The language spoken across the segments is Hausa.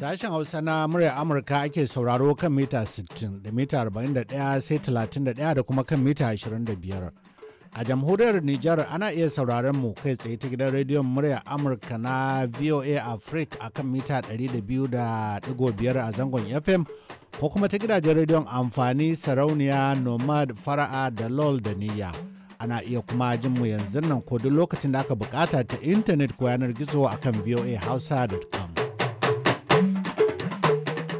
Sashen Hausa na murya Amurka ake sauraro kan mita 60 da mita 41 sai 31 da kuma kan mita 25. A jamhuriyar Nijar ana iya sauraron mu kai tsaye ta gidan rediyon murya Amurka na VOA Africa a kan mita 200.5 a zangon FM ko kuma ta gidajen rediyon amfani sarauniya Nomad Fara'a da LOL da Niyya. Ana iya kuma jin mu yanzu nan ko duk lokacin da aka bukata ta intanet ko yanar gizo akan voahausa.com.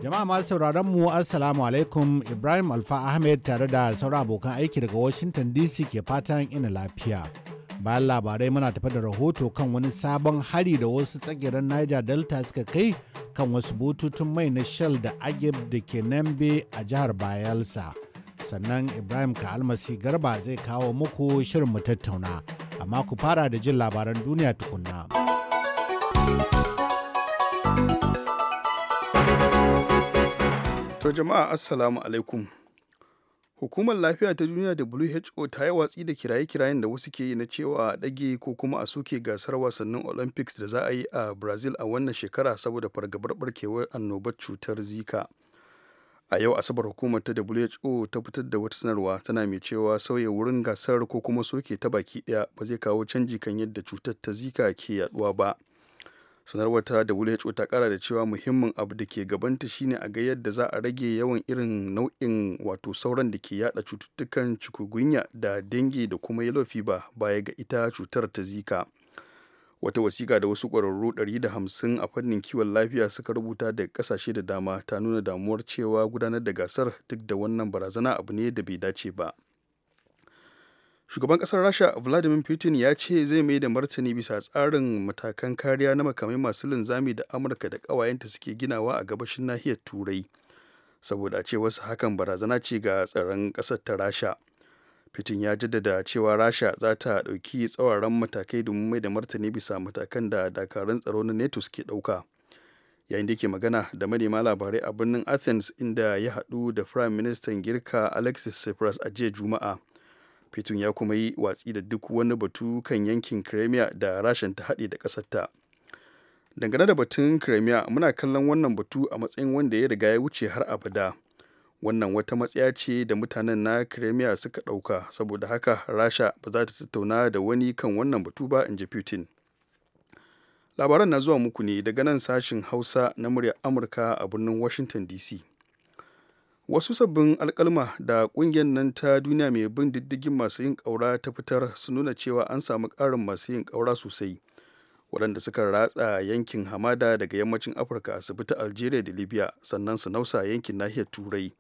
Jama'a masu sauraron mu Assalamu alaikum Ibrahim Alfa Ahmed tare da sauran abokan aiki daga Washington DC ke fatan ina lafiya. Bayan labarai muna tafi da rahoto kan wani sabon hari da wasu tsagiran Niger Delta suka kai kan wasu bututun mai na Shell da Agib da ke Nambe a jihar Bayelsa. Sannan Ibrahim ka Almasi Garba zai kawo muku shirin mu tattauna. Amma ku fara da jin labaran duniya tukunna. To jama'a assalamu alaikum. Hukumar lafiya ta duniya WHO ta yi watsi da kiraye-kirayen da wasu ke yi na cewa a ɗage ko kuma a suke gasar wasannin Olympics da za a yi a Brazil a wannan shekara saboda fargabar barkewar annobar cutar Zika. a yau asabar hukumar ta who ta fitar da wata sanarwa tana mai cewa sauya wurin gasar ko kuma soke ta baki ɗaya ba zai kawo canji kan yadda cutar ta zika ke yaduwa ba sanarwar ta who ta kara da cewa muhimmin abu da ke gabanta shine a ga yadda za a rage yawan irin nau'in wato sauran da ke yada cututtukan cikugunya da dengue da kuma yellow fever baya ga ita cutar ta zika wata wasiƙa da wasu ƙwararru 150 a fannin kiwon lafiya suka rubuta da ƙasashe da dama ta nuna damuwar cewa gudanar da gasar duk da wannan barazana abu ne da bai dace ba. shugaban kasar rasha vladimir putin ya ce zai mai da martani bisa tsarin matakan kariya na makamai masu linzami da amurka da kawayenta suke ginawa a gabashin nahiyar turai saboda a ce wasu hakan barazana ce ga tsaron kasar ta rasha putin ya jaddada cewa rasha za ta ɗauki tsawaran matakai domin mai da martani bisa matakan da dakarun tsaro na neto suke ɗauka yayin da yake magana da manema labarai a birnin athens inda ya haɗu da firayim ministan girka alexis tsipras a jiya juma'a Putin ya kuma yi watsi da duk wani batu kan yankin kremia da rashin ta haɗe da ƙasarta. Dangane da batun kremia muna kallon wannan batu a matsayin wanda ya riga ya wuce har abada. Wannan wata matsaya ce da mutanen na kremia suka ɗauka saboda haka Rasha ba za ta tattauna da wani kan wannan batu ba in ji Putin. Labaran na zuwa muku ne daga nan sashin Hausa na murya Amurka a birnin Washington DC. wasu sabbin alkalma da kungiyar nan ta duniya mai bin diddigin masu yin ƙaura ta fitar su nuna cewa an samu karin masu yin ƙaura sosai waɗanda suka ratsa yankin hamada daga yammacin afirka fita algeria da libya sannan su nausa yankin nahiyar turai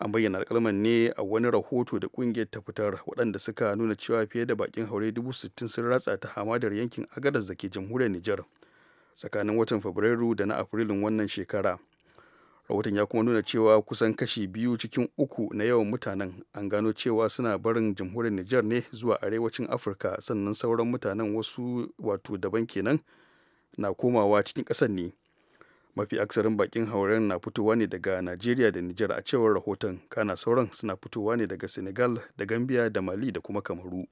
an bayyana alkalman ne a wani rahoto da kungiyar ta fitar waɗanda suka nuna cewa fiye da bakin haure 60,000 sun ratsa ta hamadar yankin agadas da ke jamhuriyar nijar tsakanin watan fabrairu da na afrilun wannan shekara rahoton ya kuma nuna cewa kusan kashi biyu cikin uku na yawan mutanen an gano cewa suna barin jamhuriyar niger ne zuwa arewacin afirka sannan sauran mutanen wasu wato daban kenan na komawa cikin ƙasar ne mafi aksarin bakin hauren na fitowa ne daga nigeria da niger a cewar rahoton kana sauran suna fitowa ne daga senegal da gambia da mali da kuma kamaru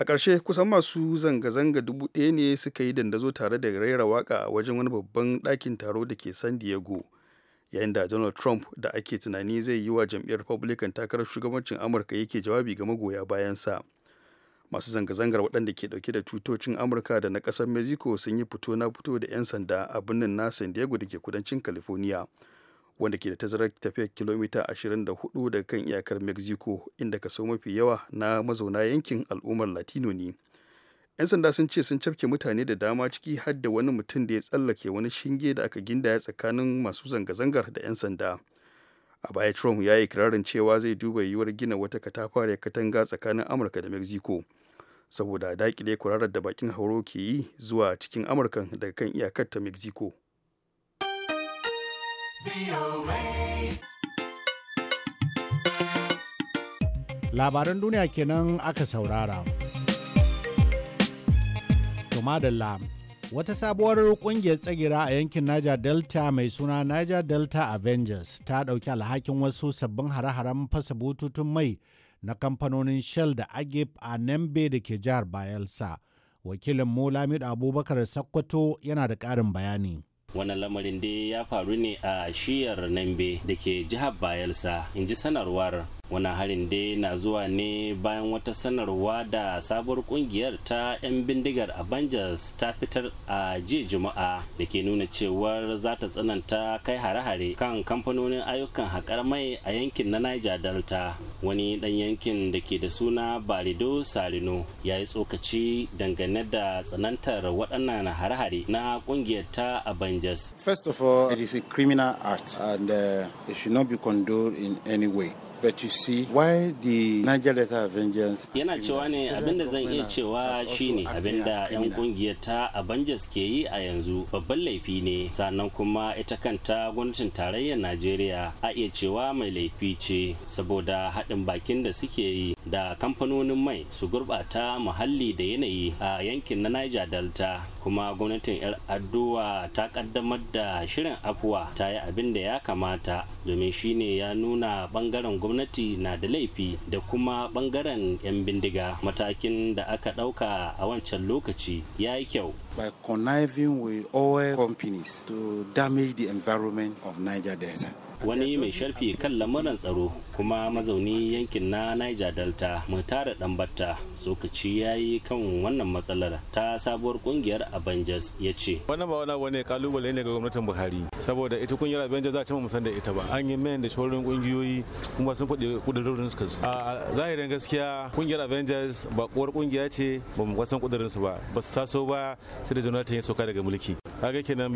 a ƙarshe kusan masu zanga-zanga dubu ɗaya ne suka yi dandazo tare da raira waka a wajen wani babban ɗakin taro da ke san diego yayin da donald trump da ake tunani zai yi wa jam'iyyar republican takarar shugabancin amurka yake jawabi ga magoya bayansa masu zanga-zangar waɗanda ke ɗauke da tutocin amurka da na ƙasar mexico sun yi fito na fito da 'yan sanda a birnin na san diego da ke kudancin california wanda ke da tazarar tafiya kilomita 24 daga kan iyakar mexico inda kaso mafi yawa na mazauna yankin al'ummar latino ne 'yan sanda sun ce sun cafke mutane da dama ciki har da wani mutum da ya tsallake wani shinge da aka gindaya tsakanin masu zanga-zangar da 'yan sanda a baya trump ya yi kirarin cewa zai duba yiwuwar gina wata katafare katanga tsakanin amurka da mexico saboda daƙile kurarar da bakin hauro ke yi zuwa cikin amurka daga kan iyakar ta mexico Labaran duniya kenan aka saurara. Tumadalla Wata sabuwar ƙungiyar tsagira a yankin Niger Delta mai suna Niger Delta Avengers ta ɗauki alhakin wasu sabbin hare-haren fasa bututun mai na kamfanonin Shell da Agip a Nembe da ke jihar Bayelsa. Wakilin Molamid Abubakar Sakkwato yana da ƙarin bayani. wannan lamarin dai ya faru ne a shiyar nambe da ke jihar bayelsa in ji sanarwar wani harin dai na zuwa ne bayan wata sanarwa da sabuwar kungiyar ta 'yan bindigar avengers ta fitar a jiya juma'a da ke nuna cewar za ta tsananta kai hare-hare kan kamfanonin ayyukan haƙar mai a yankin na niger delta wani ɗan yankin da ke da suna barido sarino ya yi tsokaci dangane da tsanantar waɗannan hare-hare na kungiyar ta avengers first of all it is a criminal act and uh, it should not be in any way but yana cewa ne abinda zan iya cewa shine abinda yan kungiyar ta Abanjas ke yi a yanzu babban laifi ne sannan kuma ita kanta gwamnatin tarayyar Najeriya a iya cewa mai laifi ce saboda haɗin bakin da suke yi da kamfanonin mai su gurɓata muhalli da yanayi a yankin na Niger Delta kuma gwamnatin yar addu'a ta kaddamar da shirin afuwa ta yi abin da ya kamata domin shine ya nuna bangaren gwamnati na da laifi da kuma bangaren 'yan bindiga matakin da aka ɗauka a wancan lokaci ya yi kyau by conniving with oil companies to damage the environment of niger delta wani mai sharfi kan lamuran tsaro kuma mazauni yankin na niger delta mutare dambatta tsokaci ya yi kan wannan matsalar ta sabuwar kungiyar avengers ya ce wannan ba wani wani kalubale ne ga gwamnatin buhari saboda ita kungiyar avengers za a ci mu san da ita ba an yi mayan da shorin kungiyoyi kuma sun faɗi kudurorin su su a zahirin gaskiya kungiyar avengers ba kuwar kungiya ce ba mu kwasan kudurin su ba ba su taso ba sai da jonathan ya sauka daga mulki kaga kenan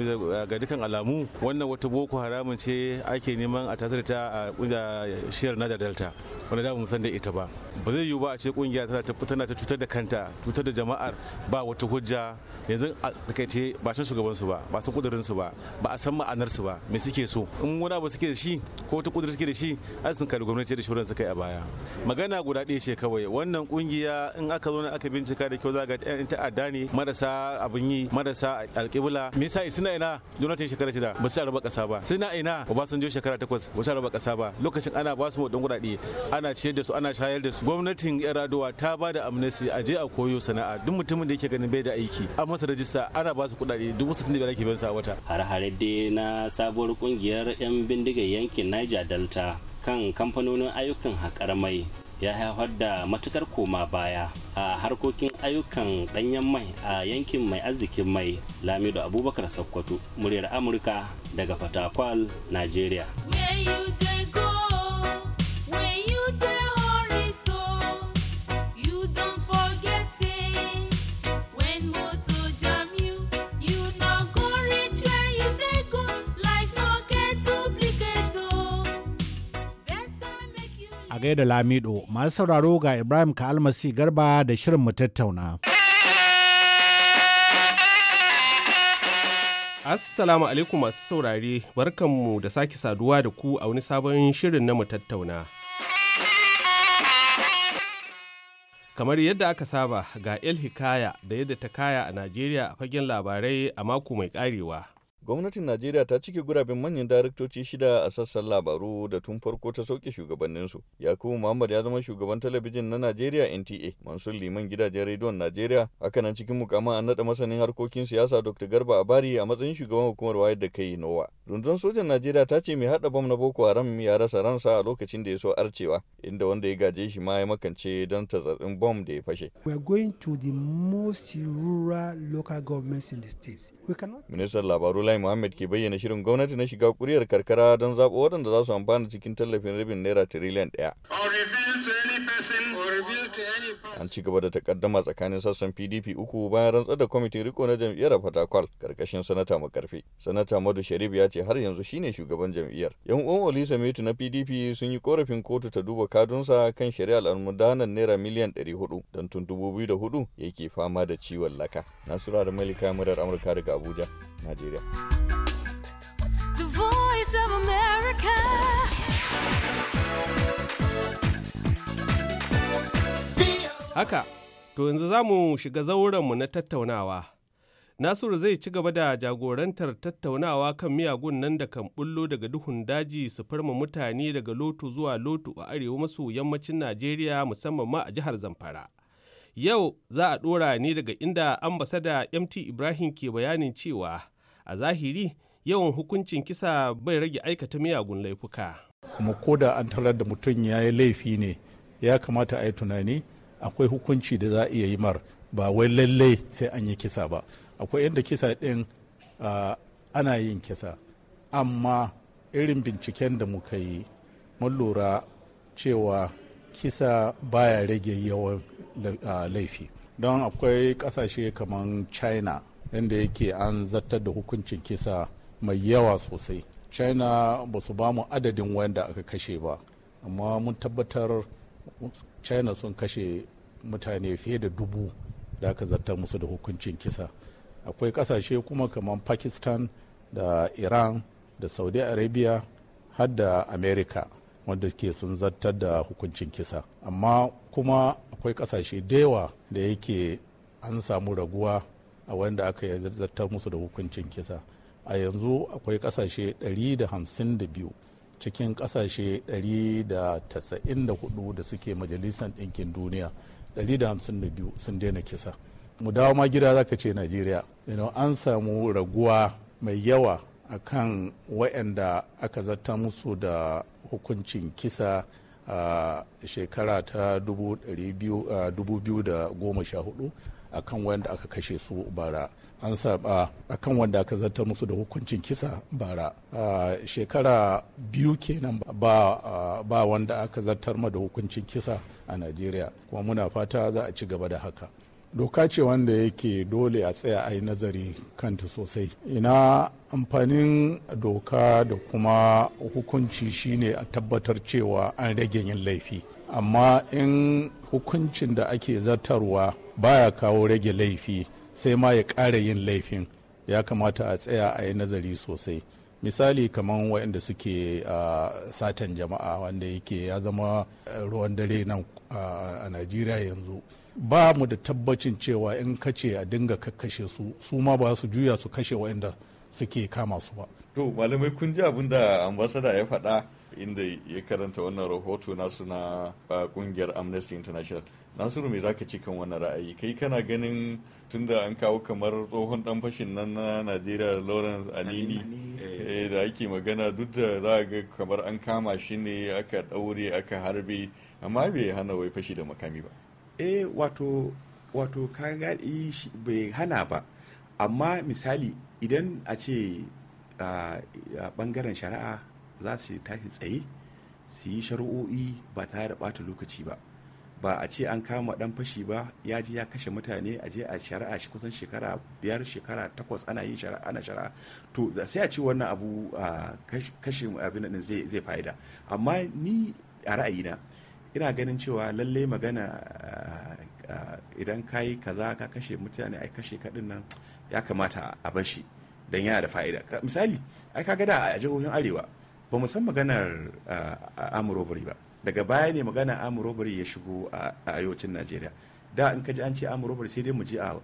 ga dukkan alamu wannan wata boko haramun ce ake neman a tasirta a kungiyar kungiyar Niger Delta wanda da mu san da ita ba ba zai yiwu ba a ce kungiya tana ta cutar da kanta cutar da jama'ar ba wata hujja yanzu a takaice ba san shugaban su ba ba san kudurin su ba ba a san ma'anar su ba me suke so in wani abu suke da shi ko wata kudurin suke da shi azisin kare gwamnati da shuran su kai a baya magana guda ɗaya ce kawai wannan kungiya in aka zo aka bincika da kyau za ga yan ta'adda ne marasa abin yi marasa alƙibla me yasa suna ina donatin shekara shida ba su raba ƙasa ba suna ina obasanjo shekara takwas ba su raba ƙasa ba lokacin ana ba su motsin kuɗaɗe ana ciyar da su ana shayar da su gwamnatin yaradowa ta ba da amnesty a je a koyo sana'a duk mutumin da yake ganin bai da aiki amma masa rajista ana ba su kuɗaɗe da ke wata. Hare-hare dai na sabuwar kungiyar 'yan bindigar yankin Niger Delta kan kamfanonin ayyukan haƙar mai ya haifar da matukar koma baya a harkokin ayyukan ɗanyen mai a yankin mai arzikin mai lamido abubakar sokoto muryar amurka daga fatakwal nigeria. da Lamido masu sauraro ga Ibrahim ka almasi garba da shirin mu tattauna. Assalamu alaikum masu saurare barkanmu da sake saduwa da ku a wani sabon shirin na mu tattauna. Kamar yadda aka saba ga El Hikaya da yadda ta kaya a Najeriya a fagen labarai a mako mai karewa. gwamnatin najeriya ta cike guraben manyan daraktoci shida a sassan labaru da tun farko ta sauke shugabanninsu yakubu muhammad ya zama shugaban talabijin na najeriya nta mansur liman gidajen rediyon najeriya hakanan cikin mukamman an nada masanin harkokin siyasa dr garba abari a matsayin shugaban hukumar wayar da kai nowa rundunar sojan najeriya ta ce mai haɗa bom na boko haram ya rasa ransa a lokacin da ya so arcewa inda wanda ya gaje shi ma ya makance don tazarɗin bom da ya fashe. we are going to the most rural local governments in the we ministan labaru Abdullahi Muhammad ke bayyana shirin gwamnati na shiga kuriyar karkara don zaɓo waɗanda za su amfana cikin tallafin rabin naira tiriliyan ɗaya. An ci gaba da takaddama tsakanin sassan PDP uku bayan rantsar da kwamitin riko na jam'iyyar Fatakwal karkashin sanata makarfe. Sanata Madu Sharif ya ce har yanzu shine shugaban jam'iyyar. Yan uwan Olisa Metu na PDP sun yi korafin kotu ta duba kadunsa kan shari'ar almudanan naira miliyan 400 don tun 2004 yake fama da ciwon laka. Nasura da Malika Murar Amurka daga Abuja, Najeriya. The Voice of America. Haka, to yanzu za mu shiga zaurenmu na tattaunawa. Nasiru zai ci gaba da jagorantar tattaunawa kan miyagun nan da kan bullo daga duhun daji su farma mutane daga lotu zuwa lotu a arewa maso yammacin Najeriya musamman ma a jihar Zamfara. Yau za a ɗora ne daga inda ambasada MT Ibrahim ke bayanin cewa a zahiri yawan hukuncin kisa bai rage aikata miyagun laifuka. Kuma ko da an tarar da mutum ya yi laifi ne ya kamata a yi tunani akwai hukunci da za a iya yi mar ba wai lallai sai an yi kisa ba akwai yadda kisa ɗin ana yin kisa amma irin binciken da muka yi mun lura cewa kisa baya rage yawan laifi don akwai ƙasashe kamar china inda yake an zartar da hukuncin kisa mai yawa sosai china ba su ba mu adadin wanda aka kashe ba amma mun tabbatar china sun kashe mutane fiye da dubu da aka zartar musu da hukuncin kisa akwai kasashe kuma kamar pakistan da iran da saudi arabia har da america wanda ke sun zartar da hukuncin kisa amma kuma akwai kasashe da yawa da yake an samu raguwa a wanda aka zartar musu da hukuncin kisa a yanzu akwai kasashe 152 cikin kasashe 194 da suke majalisar ɗinkin duniya 152 sun daina kisa mu dawo ma gida za ka ce najeriya an samu raguwa mai yawa a kan waɗanda aka zata musu da hukuncin kisa a shekara ta 2014 akan wanda aka kashe su bara an saba akan wanda aka zartar musu da hukuncin kisa bara shekara biyu kenan ba ba wanda aka zartar ma da hukuncin kisa a Najeriya kuma muna fata za a ci gaba da haka doka ce wanda yake dole a tsaya a yi nazari kanta sosai ina amfanin doka da kuma hukunci shine a tabbatar cewa an rage yin laifi amma in hukuncin da ake zartarwa baya kawo rage laifi sai ma ya ƙara yin laifin ya kamata a tsaya a yi nazari sosai misali kamar waɗanda suke a satan jama'a wanda yake ya zama eh, ruwan dare nan a najeriya yanzu ba mu da tabbacin cewa in kace a dinga kakkashe su su ma ba su juya su kashe waɗanda suke kama su ba to malamai kun ji abin da ambasada ya faɗa inda ya karanta wannan rahoto nasu na kungiyar amnesty international nasiru me zaka ce kan wannan ra'ayi kai kana ganin tunda an kawo kamar tsohon dan fashin nan na najeriya lawrence anini eh. Eh, da ake magana duk da za a ga kamar an kama shi ne aka daure aka harbe amma bai hana wai fashi da makami ba eh wato wato ka bai hana ba amma misali idan a ce a bangaren shari'a za su tashi tsaye su yi shari'o'i ba tare da bata lokaci ba ba a ce an kama dan fashi ba ya ji ya kashe mutane a je a shari'a shi kusan shekara biyar shekara takwas ana yin shari'a ana shari'a to sai a ce wannan abu kashe abin din zai fa'ida amma ni a ra'ayina ina ganin cewa lalle magana idan ka kaza ka kashe mutane ai kashe kadin nan ya kamata a bashi don yana da fa'ida misali ai ka ga da a jihohin arewa ba mu san maganar amurobari ba daga baya ne magana amu robbery ya shigo a arewacin najeriya da in kaji an ce amu robbery sai dai mu je a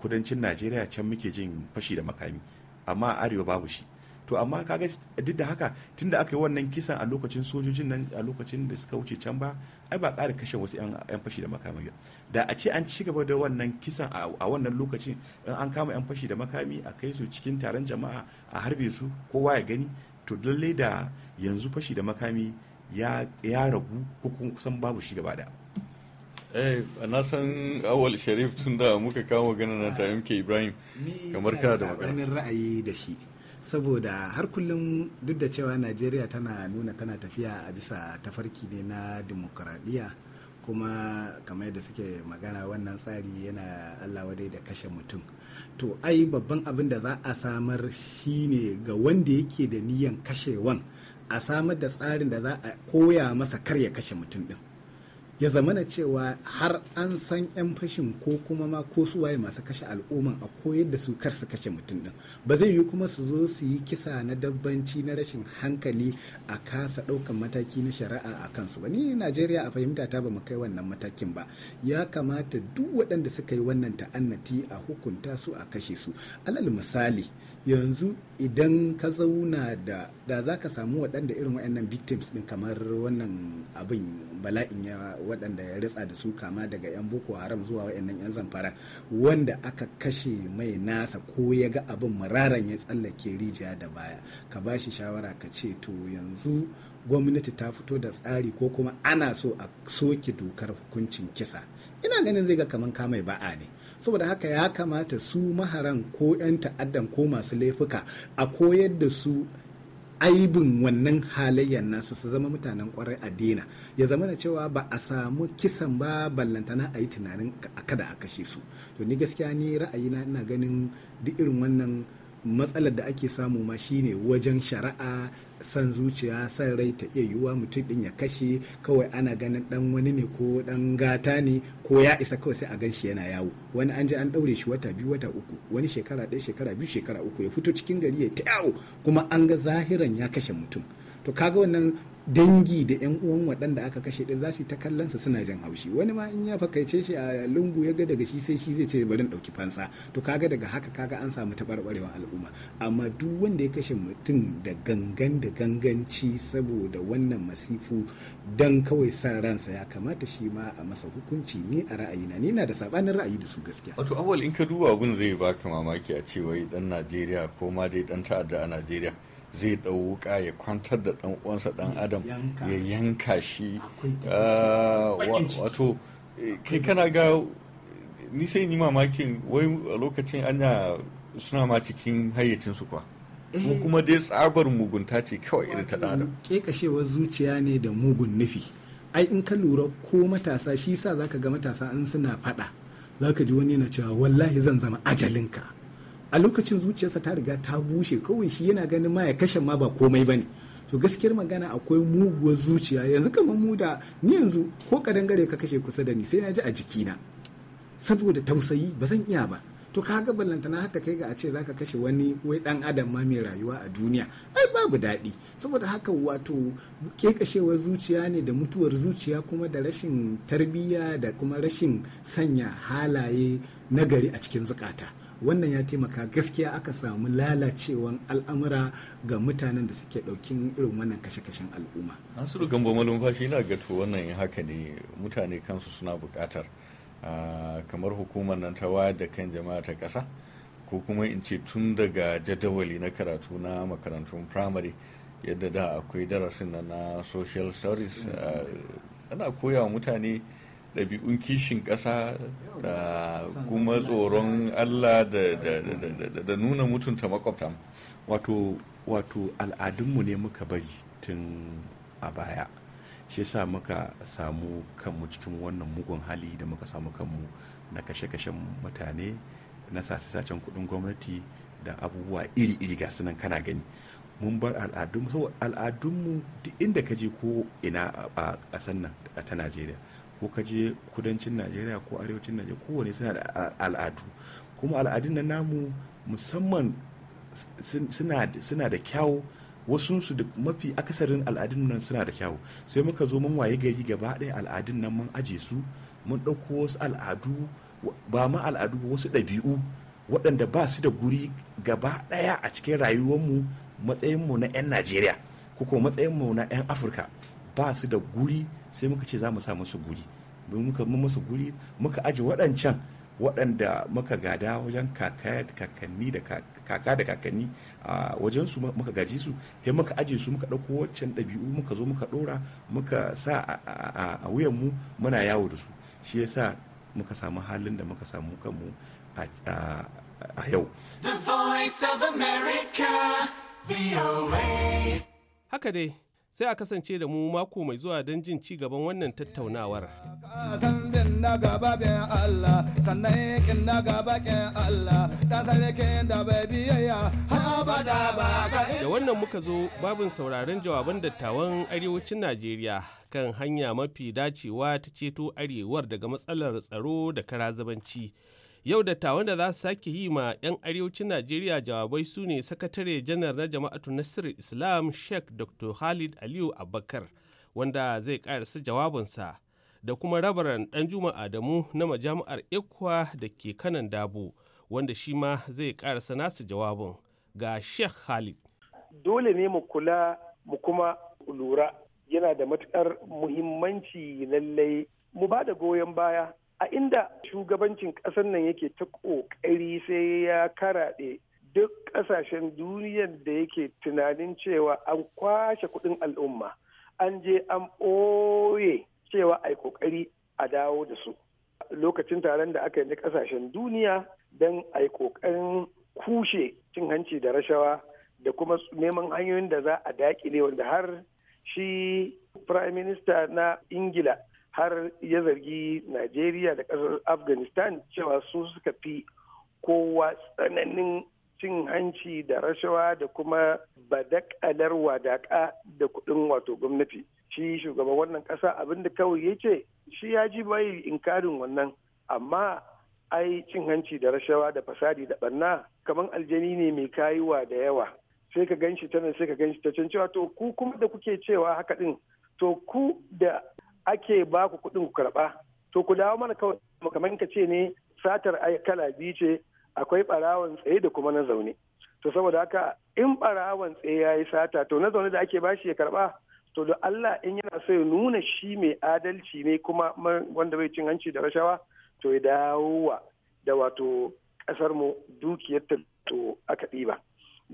kudancin najeriya can muke jin fashi da makami amma arewa babu shi to amma kaga duk da haka tunda aka yi wannan kisan a lokacin sojojin nan a lokacin da suka wuce can ba ai ba ƙara kashe wasu yan fashi da makami ba da a ce an ci gaba da wannan kisan a wannan lokacin in an kama yan fashi da makami a kai su cikin taron jama'a a harbe su kowa ya gani to lallai da yanzu fashi da makami ya ragu ko kusan babu shi gaba da eh na san awal sharif tun da muka kama gana na tayin ke ibrahim kamar ka da magana ra'ayi da shi saboda har kullum duk da cewa najeriya tana nuna tana tafiya a bisa tafarki ne na dimokuraɗiyya kuma kamar da suke magana wannan tsari yana allah wadai da kashe mutum to ai babban abin da za a samar shine ga wanda yake da niyan kashewan a samar da tsarin da za a koya masa kar ya kashe mutum din ya zama na cewa har an san 'yan fashin ko kuma ma ko suwaye masu kashe al'umma a koyar da su kar su kashe mutum din ba zai yi kuma su zo su yi kisa na dabbanci na rashin hankali a kasa ɗaukan mataki na shari'a a kansu ba ni najeriya a fahimta ta ba mu kai wannan matakin ba ya kamata duk waɗanda suka yi wannan ta'annati a hukunta su a kashe su alal misali yanzu idan ka zauna da da za ka samu waɗanda irin waɗannan victims ɗin kamar wannan abin bala'in ya waɗanda ya ritsa da su kama daga 'yan boko haram zuwa waɗannan 'yan zamfara wanda aka kashe mai nasa ko ya ga abin mararan ya tsallake rijiya da baya ka ba shi shawara ka ce to yanzu gwamnati ta fito da tsari ko kuma ana so a soke dokar hukuncin kisa ina ganin zai ga kamar mai ba'a ne saboda haka ya kamata su maharan ko 'yan ta'addan ko masu laifuka a koyar da su aibin wannan halayyar nasu su zama mutanen kwarai a dina ya zama na cewa ba a samu kisan ba ballantana a yi tunanin kada a kashe su to ni gaskiya ni ra'ayina ina ganin duk irin wannan matsalar da ake samu ma shine wajen shari'a san zuciya san rai ta iya yiwuwa mutum din ya kashe kawai ana ganin dan wani ne ko dan gata ne ko ya isa kawai sai a gan shi yana yawo wani an je an daure shi wata biyu wata uku wani shekara ɗaya shekara biyu shekara uku ya fito cikin gari ya ta yawo kuma an ga zahiran ya kashe mutum to kaga wannan dangi da yan uwan waɗanda aka kashe din za su ta kallon sa suna jan haushi wani ma in ya fakaice shi a lungu ya ga daga shi sai shi zai ce bari in ɗauki fansa to kaga daga haka kaga an samu taɓarɓarewar al'umma amma duk wanda ya kashe mutum da gangan da ganganci saboda wannan masifu dan kawai sa ransa ya kamata shi ma a masa hukunci ni a ra'ayina ni na da sabanin ra'ayi da su gaskiya wato awal in ka duba gun zai baka mamaki a cewa dan Najeriya ko ma dai dan ta'adda a Najeriya zai ɗauka ya kwantar da ɗan uwansa ɗan adam ya yanka shi ah, wato eh, kai kana ga ni sai ni mamakin wai a lokacin anya suna ma cikin hayyacinsu kuwa ko eh. kuma dai tsabar mugunta ce kawai irin ta adam kekashewar zuciya ne da mugun nufi ai in ka lura ko matasa shi sa zaka ga matasa in suna fada zaka ji wani na cewa wallahi zan zama ajalinka a lokacin zuciyarsa ta riga ta bushe kawai shi yana ganin ma ya kashe ma ba komai ba ne to gaskiyar magana akwai muguwar zuciya yanzu kamar mu da ni yanzu ko ƙadangare ka kashe kusa da ni sai na ji a jikina saboda tausayi ba zan iya ba to kaga ballanta na hatta kai ga a ce zaka kashe wani wai dan adam ma mai rayuwa a duniya ai babu daɗi saboda haka wato kekashewar zuciya ne da mutuwar zuciya kuma da rashin tarbiyya da kuma rashin sanya halaye nagari a cikin zukata wannan ya taimaka gaskiya aka samu lalacewan al'amura ga mutanen da suke ɗaukin irin wannan kashe-kashen al'umma nasiru gambo malumfashi na gato wannan haka ne mutane kansu suna bukatar kamar hukumar nan ta wayar da kan jama'a ta kasa ko kuma in ce tun daga jadawali na karatu na makarantun firamare yadda da akwai darasin na social studies ana koya mutane ɗabi'un kishin ƙasa da kuma tsoron allah da nuna mutunta makwabta wato al'adunmu ne muka bari tun a baya shi sa muka samu kanmu cikin wannan mugun hali da muka samu kanmu na kashe-kashen mutane na sace-sacen kudin gwamnati da abubuwa iri-iri ga sunan kana gani mun bar al'adunmu saboda al'adunmu duk inda ka je ko ina a ƙasar nan ta najeriya ko ka je kudancin najeriya ko arewacin najeriya kowane suna da al'adu kuma al'adun na namu musamman suna da kyawu wasunsu da mafi akasarin al'adun nan suna da kyawu sai muka zo mun waye gari gaba ɗaya al'adun nan mun aje su mun ɗauko wasu al'adu ba ma al'adu wasu ɗabi'u waɗanda ba su da guri gaba ɗaya a cikin rayuwarmu mu na 'yan najeriya ko kuma matsayinmu na 'yan afirka ba su da guri sai muka ce za mu sa musu guri muka musu guri muka aje waɗancan waɗanda muka gada wajen kakanni da kaka da kakanni a wajen su muka gaji su sai muka aje su muka ɗauko waccan dabi'u muka zo muka ɗora muka sa a wuyan mu muna yawo da su shi yasa muka samu halin da muka samu kanmu a yau. The Voice of America, VOA. Haka dai, sai a kasance da mu mako mai zuwa don jin ci gaban wannan tattaunawar. Da wannan muka zo babin sauraron jawaban dattawan arewacin Najeriya kan hanya mafi dacewa ta ceto arewar daga matsalar tsaro da karazabanci. Yau da dattawan da za su sake yi ma 'yan arewacin Najeriya jawabai su ne sakatare janar na jama'atu Nasiru Islam Sheikh Dr. halid Aliyu Abubakar wanda zai karasa jawabinsa da kuma rabaran dan juma Adamu na majami'ar Ikwa da ke kanan dabo wanda shi ma zai karasa nasu jawabin ga Sheikh halid. Dole ne mu kula mu kuma lura yana da matukar muhimmanci lallai mu ba da goyon baya a inda shugabancin ƙasar nan yake ta ƙoƙari sai ya karaɗe duk ƙasashen duniyar da yake tunanin cewa an kwashe kuɗin al'umma an je an ɓoye cewa ai yi ƙoƙari a dawo da su lokacin taron da aka yi na ƙasashen duniya don a yi ƙoƙarin kushe cin hanci da rashawa da kuma neman hanyoyin da za a daƙile wanda har shi prime minister na ingila har ya zargi najeriya da kasar afghanistan cewa su suka fi kowa tsananin cin hanci da rashawa da kuma badakalar wadaƙa da kuɗin wato gwamnati shi shugaban wannan ƙasa abinda kawai ya ce shi ya ji bai inkarin wannan amma ai cin hanci da rashawa da fasadi da ɓanna kamar aljani ne mai kayuwa da yawa sai ka ganshi ta sai ka ganshi ta can cewa to ku kuma da kuke cewa haka din to ku da ake ba ku kuɗin ku karɓa to ku dawo mana kawai kamar ka ce ne satar kala biyu ce akwai ɓarawon tsaye da kuma na zaune to saboda haka in ɓarawon tsaye ya yi sata to na zaune da ake ba shi ya karɓa to da Allah in yana so ya nuna shi mai adalci ne kuma wanda bai cin hanci da rashawa to ya dawo wa da wato kasar mu dukiyar ta to aka ɗiba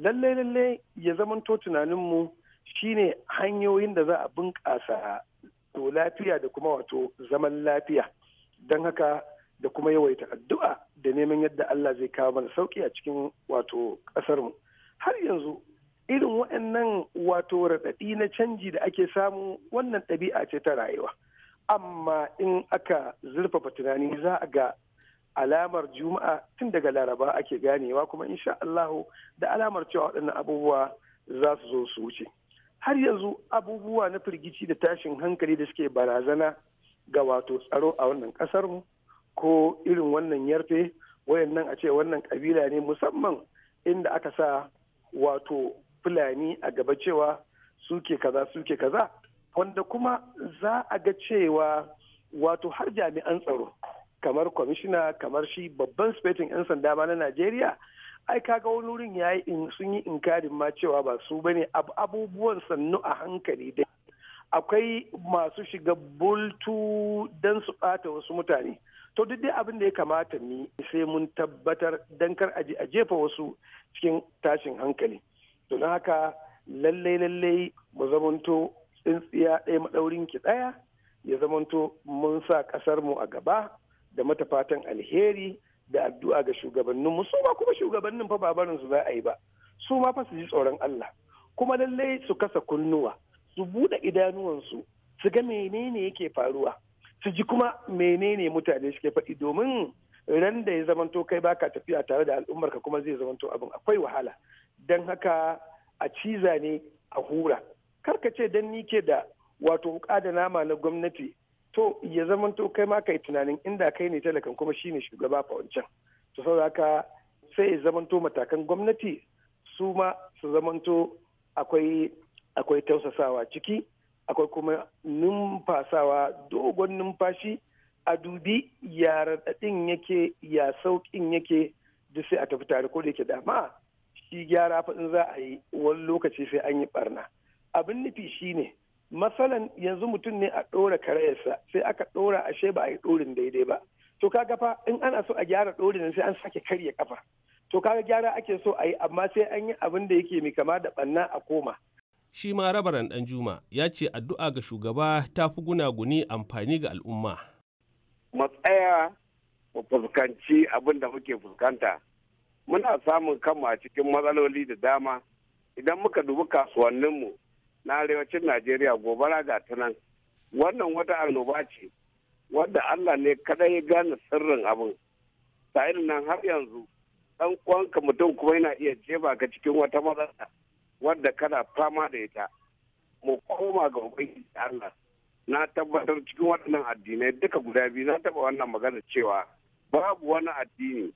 lalle lalle ya zamanto tunanin mu shine hanyoyin da za a bunƙasa to lafiya da kuma wato zaman lafiya don haka da kuma yawaita addu'a da neman yadda Allah zai kawo mana sauki a cikin wato ƙasarmu har yanzu irin waɗannan wato raɗaɗi na canji da ake samu wannan ɗabi'a ce ta rayuwa amma in aka zurfafa tunani za a ga alamar juma'a tun daga laraba ake ganewa kuma insha Allahu da alamar cewa waɗannan abubuwa za su zo su wuce. har yanzu abubuwa na firgici da tashin hankali da suke barazana ga wato tsaro a wannan kasar mu ko irin wannan yarfe wayannan a ce wannan kabila ne musamman inda aka sa wato fulani a gaba cewa suke kaza suke kaza wanda kuma za a ga cewa wato har jami'an tsaro kamar kwamishina kamar shi babban spetin 'yan sanda ma na najeriya ai kaga wani wurin ya yi sun yi inkarin ma cewa ba su ba ne abubuwan sannu a hankali dai akwai masu shiga bultu don su bata wasu mutane to duk dai abin da ya kamata ni sai mun tabbatar don kar a jefa wasu cikin tashin hankali to na haka lallai lallai mu zamanto tsintsiya ɗaya maɗaurin ki ɗaya ya zamanto mun sa ƙasar mu a gaba da matafatan alheri da addu'a ga shugabannin mu su ma kuma shugabannin fa ba barin su za a yi ba su ma fa su ji tsoron Allah kuma lallai su kasa kunnuwa su bude idanuwansu su ga menene yake faruwa su ji kuma menene mutane suke faɗi domin ran da ya zamanto kai baka tafiya tare da al'ummar ka kuma zai zamanto abin akwai wahala dan haka a ciza ne a hura karka ce dan ni ke da wato wuƙa da nama na gwamnati to ya zamanto kai ma kai tunanin inda kai ne talakan kuma shine shugaba fa wancan to saboda haka sai ya zamanto matakan gwamnati su ma su zamanto akwai akwai tausasawa ciki akwai kuma numfasawa dogon numfashi a dubi ya raɗaɗin yake ya sauƙin yake duk sai a tafi tare ko da yake dama shi gyara fa za a yi wani lokaci sai an yi barna abin nufi shine matsalan yanzu mutum ne a ɗora karayarsa sai aka ɗora ashe ba a yi ɗorin daidai ba to kaga fa in ana so a gyara ɗorin sai an sake karya kafa to kaga gyara ake so a yi amma sai an yi abin da yake mai kama da ɓanna a koma shi ma rabaran dan juma ya ce addu'a ga shugaba ta fi gunaguni amfani ga al'umma matsaya tsaya mu fuskanci abin da muke fuskanta muna samun kanmu a cikin matsaloli da dama idan muka dubi kasuwanninmu na arewacin najeriya gobara ga ta wannan wata annoba ce wadda allah ne kadai ya gane sirrin abin irin nan har yanzu dan kwanka mutum kuma yana iya jeba ga cikin wata matsala wadda kana fama da ita mu koma ga ubangiji allah na tabbatar cikin waɗannan addinai duka guda biyu na taba wannan magana cewa babu wani addini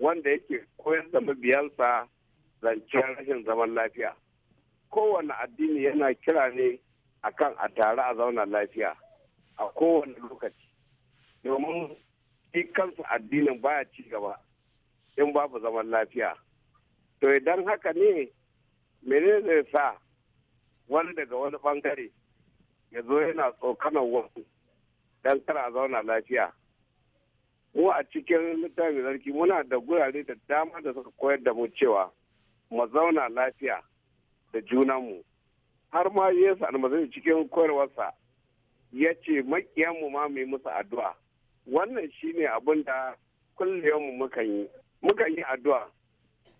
wanda yake koyar da mabiyansa zancen rashin zaman lafiya kowane addini yana kira ne a kan a tare a zauna lafiya a kowane lokaci domin shi kansa addinin baya ci gaba in babu zaman lafiya to idan haka ne menene zai sa wani daga wani bangare ya zo yana tsokanar wasu don kar a zauna lafiya mu a cikin littafin sarki muna da gurare da dama da suka koyar da mu cewa mu zauna lafiya da junanmu har ma yesu almasihu cikin koyarwarsa ya ce makiyanmu ma mai musu addu'a wannan shi ne abin da kullum mukan yi mukan yi addu'a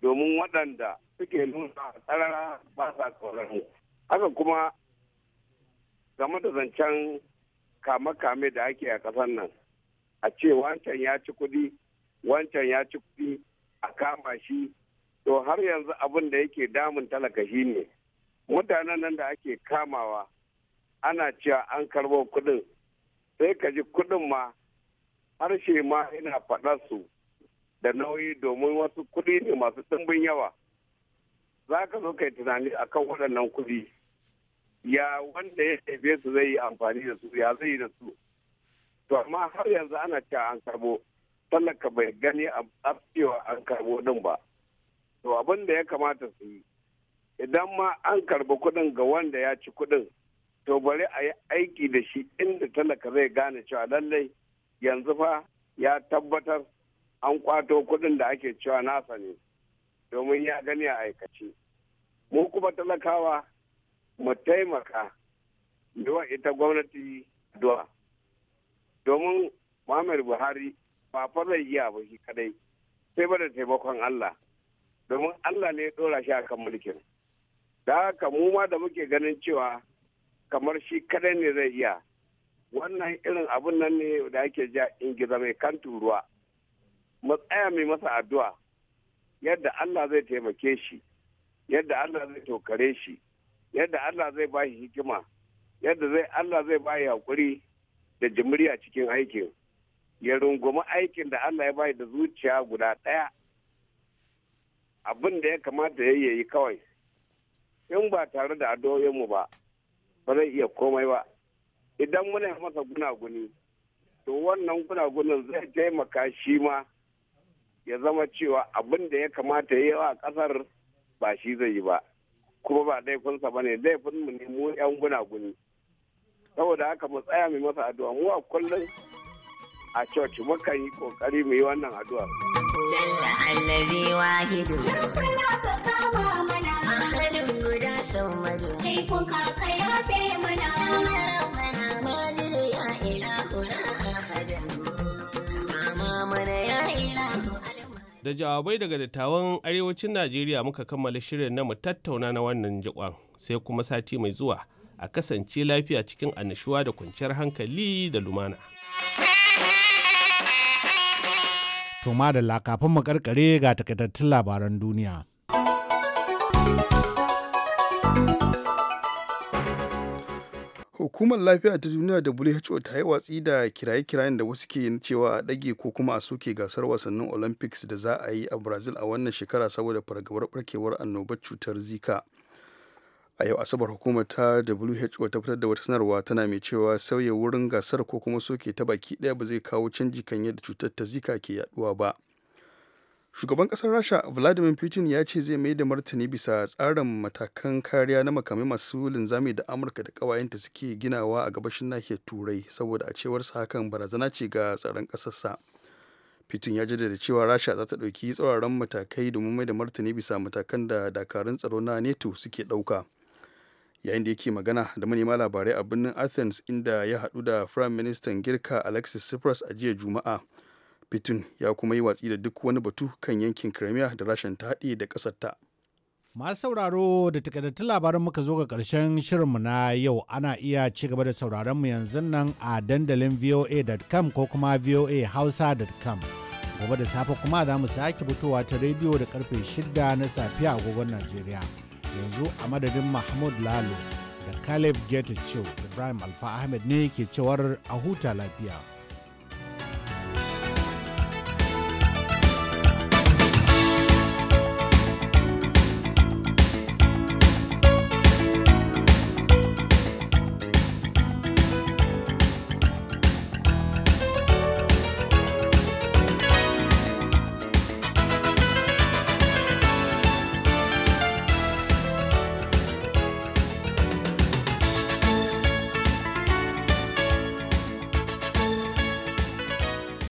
domin waɗanda suke nuna tsarara ba sa tsoron mu haka kuma game da zancen kame-kame da ake a ƙasar nan a ce wancan ya ci kuɗi wancan ya ci kuɗi a kama shi to har yanzu abin da yake damun talaka ne mutanen nan da ake kamawa ana cewa an karbo kudin sai ka ji kudin ma harshe ma ina faɗar su da nauyi domin wasu kudi ne masu ɗimbin yawa za ka zo kai tunani akan waɗannan kudi ya wanda ya ɗabe su zai yi amfani da su ya zai yi da su to amma har yanzu ana cewa an karbo talaka bai gani a cewa an karbo din ba to abin da ya kamata su yi idan ma an karɓi kuɗin ga wanda ya ci kuɗin to bari a yi aiki da shi inda talaka zai gane cewa lallai yanzu fa ya tabbatar an kwato kuɗin da ake cewa nasa ne domin ya gani a aikace mu kuma talakawa mu taimaka da ita gwamnati duwa domin muhammadu buhari ba fara zai abu shi kadai sai ba da taimakon allah domin Allah ne ya ɗora shi kan mulkin da haka mu ma da muke ganin cewa kamar shi kadai ne zai iya wannan irin abun nan ne da ake ja in gida mai kan turuwa matsaya mai masa addu'a yadda Allah zai taimake shi yadda Allah zai tokare shi yadda Allah zai ba shi hikima yadda zai Allah zai ba shi hakuri da jimiri cikin aikin ya rungumi aikin da Allah ya bai da zuciya guda ɗaya abin da ya kamata ya yi kawai in ba tare da mu ba ba zai iya komai ba idan muna masa gunaguni to wannan gunagunin zai taimaka shi ma ya zama cewa abin da ya kamata ya yi wa kasar ba shi zai yi ba kuma ba laifinsa ba ne mu ne mu 'yan gunaguni saboda haka mu tsaya mai masa addu'a mu a kullum a coci mukan yi kokari mu yi wannan addu'a. Jalla allazi wahidu. Rabbana ka kama mana. Ahadun guda sau madu. Kai ka yafe mana. Rabbana majidu ya ilahuna ahadan. mana ya Da jawabai daga dattawan arewacin Najeriya muka kammala shirin na mu tattauna na wannan jikon sai kuma sati mai zuwa a kasance lafiya cikin annashuwa da kwanciyar hankali da lumana. To madalla kafin mu karkare ga takaitattun labaran duniya. Hukumar lafiya ta duniya da WHO ta yi watsi da kiraye-kirayen da wasu ke cewa a ɗage ko kuma a soke gasar wasannin Olympics da za a yi a Brazil a wannan shekara saboda fargabar barkewar annobar cutar Zika. a yau asabar hukumar ta who ta fitar da wata sanarwa tana mai cewa sauya wurin gasar ko kuma soke ta baki daya ba zai kawo canji kan yadda cutar ta zika ke yaduwa ba shugaban kasar rasha vladimir putin ya ce zai mai da martani bisa tsarin matakan kariya na makamai masu linzami da amurka da kawayenta suke ginawa a gabashin nahiyar turai saboda a cewarsa hakan barazana ce ga tsaron kasarsa putin ya jaddada cewa rasha za ta ɗauki tsauraran matakai domin mai da martani bisa matakan da dakarun tsaro na neto suke ɗauka yayin da yake magana da manema labarai a birnin athens inda ya haɗu da prime ministan girka alexis tsipras a jiya juma'a pitun ya kuma yi watsi da duk wani batu kan yankin crimea da rashin ta haɗe da ƙasar ta masu sauraro da takaddatun labarin muka zo ga karshen shirin mu na yau ana iya ci gaba da sauraron mu yanzu nan a dandalin voa.com ko kuma voahausa.com gobe da safe kuma za mu sake fitowa ta rediyo da karfe 6 na safiya a gogon najeriya yanzu a madadin mahmud lalo da caleb geta da ibrahim alfa ahmed ne ke cewar a huta lafiya